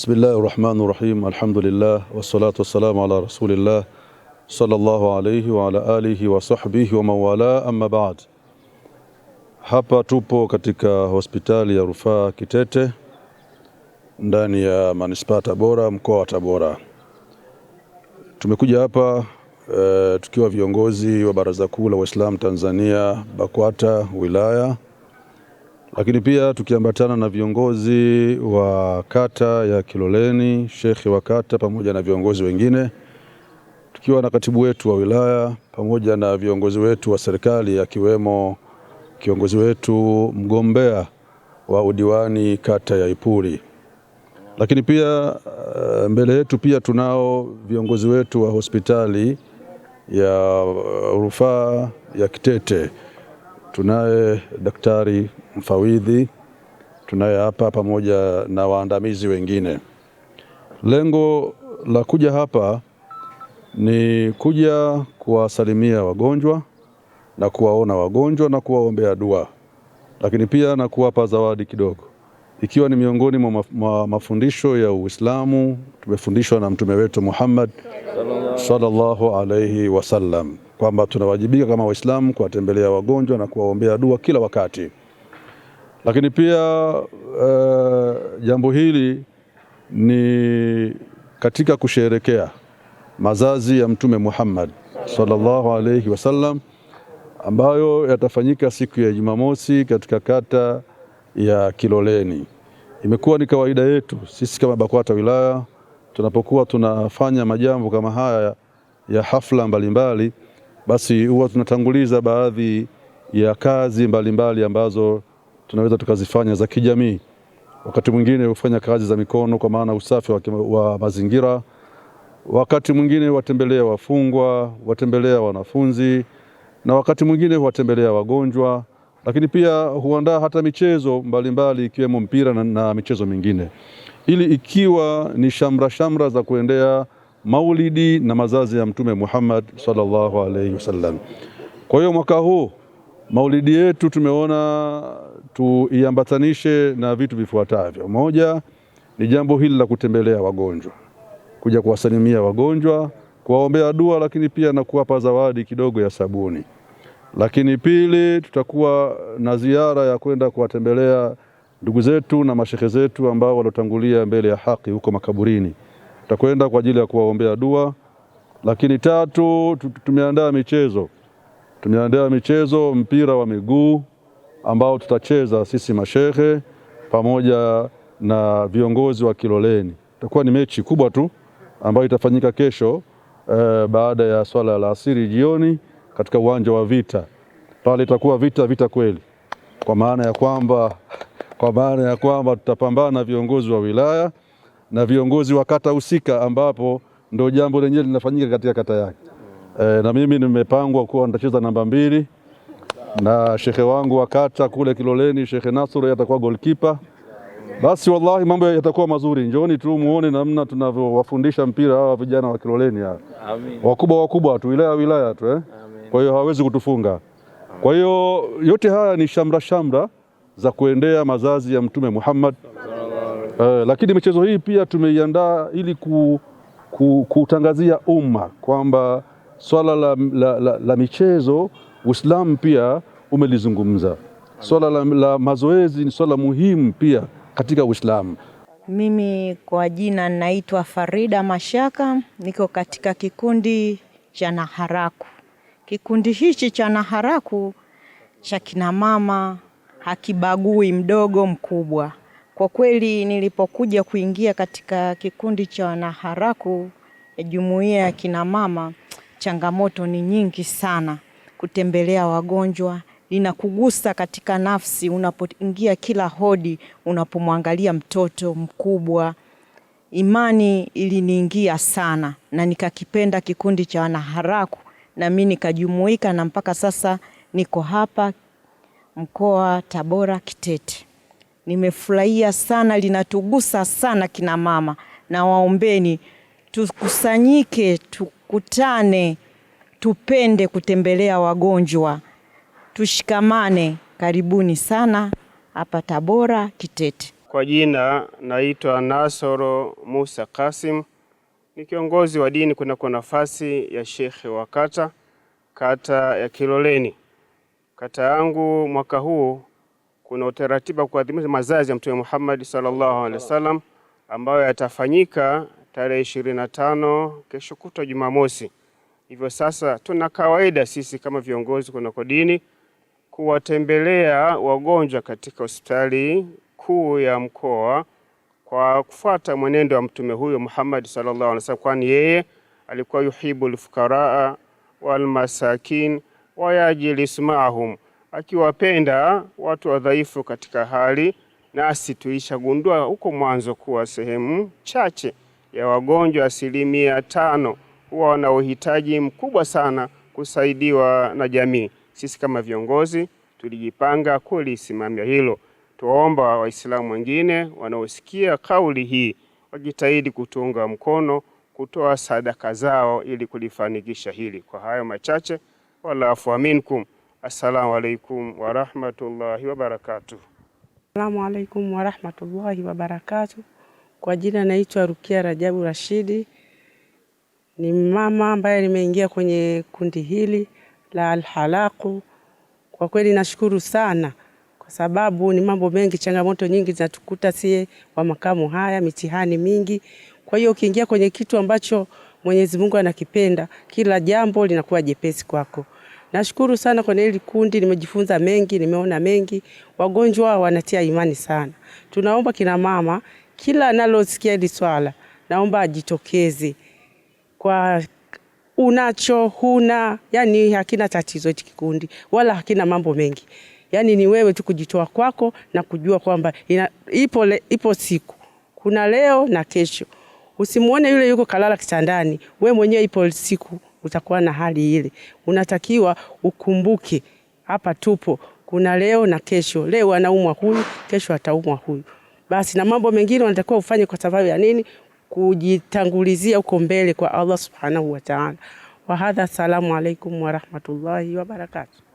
بسم الله الرحمن الرحيم الحمد لله والصلاة والسلام على رسول الله صلى الله عليه وعلى alihi وصحبه ومن والاه amma ba'd Hapa tupo katika hospitali ya rufaa Kitete ndani ya manispaa Tabora mkoa wa Tabora. Tumekuja hapa e, tukiwa viongozi wa Baraza Kuu la Waislamu Tanzania BAKWATA wilaya lakini pia tukiambatana na viongozi wa kata ya Kiloleni, shekhe wa kata pamoja na viongozi wengine, tukiwa na katibu wetu wa wilaya pamoja na viongozi wetu wa serikali, akiwemo kiongozi wetu mgombea wa udiwani kata ya Ipuli. Lakini pia eh, mbele yetu pia tunao viongozi wetu wa hospitali ya eh, rufaa ya Kitete Tunaye daktari mfawidhi tunaye hapa pamoja na waandamizi wengine. Lengo la kuja hapa ni kuja kuwasalimia wagonjwa na kuwaona wagonjwa na kuwaombea dua, lakini pia na kuwapa zawadi kidogo ikiwa ni miongoni mwa mafundisho ya Uislamu tumefundishwa na mtume wetu Muhammad sallallahu alaihi wasallam kwamba tunawajibika kama Waislamu kuwatembelea wagonjwa na kuwaombea dua kila wakati. Lakini pia uh, jambo hili ni katika kusherekea mazazi ya mtume Muhammad sallallahu alayhi wasallam ambayo yatafanyika siku ya Jumamosi katika kata ya Kiloleni. Imekuwa ni kawaida yetu sisi kama BAKWATA wilaya tunapokuwa tunafanya majambo kama haya ya hafla mbalimbali basi huwa tunatanguliza baadhi ya kazi mbalimbali mbali ambazo tunaweza tukazifanya za kijamii. Wakati mwingine hufanya kazi za mikono kwa maana usafi wa, wa mazingira. Wakati mwingine watembelea wafungwa, watembelea wanafunzi na wakati mwingine huwatembelea wagonjwa lakini pia huandaa hata michezo mbalimbali ikiwemo mpira na, na michezo mingine ili ikiwa ni shamra shamra za kuendea maulidi na mazazi ya Mtume Muhammad sallallahu alaihi wasallam. Kwa hiyo mwaka huu maulidi yetu tumeona tuiambatanishe na vitu vifuatavyo. Moja ni jambo hili la kutembelea wagonjwa, kuja kuwasalimia wagonjwa, kuwaombea dua, lakini pia na kuwapa zawadi kidogo ya sabuni. Lakini pili, tutakuwa na ziara ya kwenda kuwatembelea ndugu zetu na mashehe zetu ambao waliotangulia mbele ya haki huko makaburini, tutakwenda kwa ajili ya kuwaombea dua. Lakini tatu, tumeandaa michezo, tumeandaa michezo mpira wa miguu ambao tutacheza sisi mashehe pamoja na viongozi wa Kiloleni. Itakuwa ni mechi kubwa tu ambayo itafanyika kesho eh, baada ya swala la asiri jioni katika uwanja wa vita pale, itakuwa vita vita kweli, kwa maana ya kwamba kwa maana ya kwamba tutapambana na viongozi wa wilaya na viongozi wa kata husika, ambapo ndio jambo lenyewe linafanyika katika kata yake. E, na mimi nimepangwa kuwa nitacheza namba mbili na shekhe wangu wa kata kule Kiloleni, Shekhe Nasr atakuwa goalkeeper. Basi wallahi mambo yatakuwa mazuri. njoni tu muone namna tunavyowafundisha mpira hawa vijana wa Kiloleni hawa wakubwa wakubwa tu wilaya wilaya tu eh? Amin kwa hiyo hawawezi kutufunga. Kwa hiyo yote haya ni shamra shamra za kuendea mazazi ya Mtume Muhammad. Eh, lakini michezo hii pia tumeiandaa ili ku, ku, kutangazia umma kwamba swala la, la, la, la michezo Uislamu pia umelizungumza. Swala la, la mazoezi ni swala muhimu pia katika Uislamu. Mimi kwa jina naitwa Farida Mashaka, niko katika kikundi cha Naharaku. Kikundi hichi cha Naharaku cha kinamama hakibagui mdogo mkubwa. Kwa kweli nilipokuja kuingia katika kikundi cha Wanaharaku ya eh, jumuiya ya kinamama, changamoto ni nyingi sana. Kutembelea wagonjwa linakugusa katika nafsi, unapoingia kila hodi, unapomwangalia mtoto mkubwa. Imani iliniingia sana na nikakipenda kikundi cha Wanaharaku na mimi nikajumuika, na mpaka sasa niko hapa mkoa Tabora Kitete. Nimefurahia sana, linatugusa sana kina mama, na waombeni tukusanyike, tukutane, tupende kutembelea wagonjwa, tushikamane. Karibuni sana hapa Tabora Kitete. Kwa jina naitwa Nasoro Musa Kasim ni kiongozi wa dini kunako nafasi ya shekhe wa kata, kata ya Kiloleni. Kata yangu mwaka huu kuna utaratibu wa kuadhimisha mazazi ya Mtume Muhammad sallallahu alaihi wasallam ambayo yatafanyika tarehe ishirini na tano kesho kutwa Jumamosi. Hivyo sasa, tuna kawaida sisi kama viongozi kunako dini kuwatembelea wagonjwa katika hospitali kuu ya mkoa kwa kufuata mwenendo wa mtume huyo Muhammad sallallahu alaihi wasallam, kwani yeye alikuwa yuhibu masakin walmasakin wayajilis maahum, akiwapenda watu wadhaifu katika hali. Nasi tulishagundua huko mwanzo kuwa sehemu chache ya wagonjwa asilimia tano huwa wana uhitaji mkubwa sana kusaidiwa na jamii. Sisi kama viongozi tulijipanga kulisimamia hilo. Tuwaomba Waislamu wengine wanaosikia kauli hii wajitahidi kutunga mkono kutoa sadaka zao ili kulifanikisha hili. Kwa hayo machache, wala afwa minkum. Assalamu alaikum warahmatullahi wabarakatuh. Assalamu alaikum warahmatullahi wabarakatuh. Kwa jina naitwa Rukia Rajabu Rashidi, ni mama ambaye nimeingia kwenye kundi hili la Alhalaqu. Kwa kweli nashukuru sana kwa sababu ni mambo mengi, changamoto nyingi zinatukuta sie wa makamu haya, mitihani mingi. Kwa hiyo ukiingia kwenye kitu ambacho Mwenyezi Mungu anakipenda, kila jambo linakuwa jepesi kwako. Nashukuru sana kwenye hili kundi, nimejifunza mengi, nimeona mengi. Wagonjwa wanatia imani sana. Tunaomba kina mama, kila analosikia hili swala, naomba ajitokeze kwa unacho huna, yani hakina tatizo hiki kikundi, wala hakina mambo mengi. Yaani ni wewe tu kujitoa kwako na kujua kwamba ipo, ipo siku kuna leo na kesho. Usimuone yule yuko kalala kitandani, we mwenyewe ipo siku utakuwa na hali ile. Unatakiwa ukumbuke hapa tupo, kuna leo na kesho. Leo anaumwa huyu, kesho ataumwa huyu. Basi na mambo mengine unatakiwa ufanye. Kwa sababu ya nini? Kujitangulizia huko mbele kwa Allah subhanahu wa ta'ala. Wahadha, salamu alaikum warahmatullahi wabarakatu.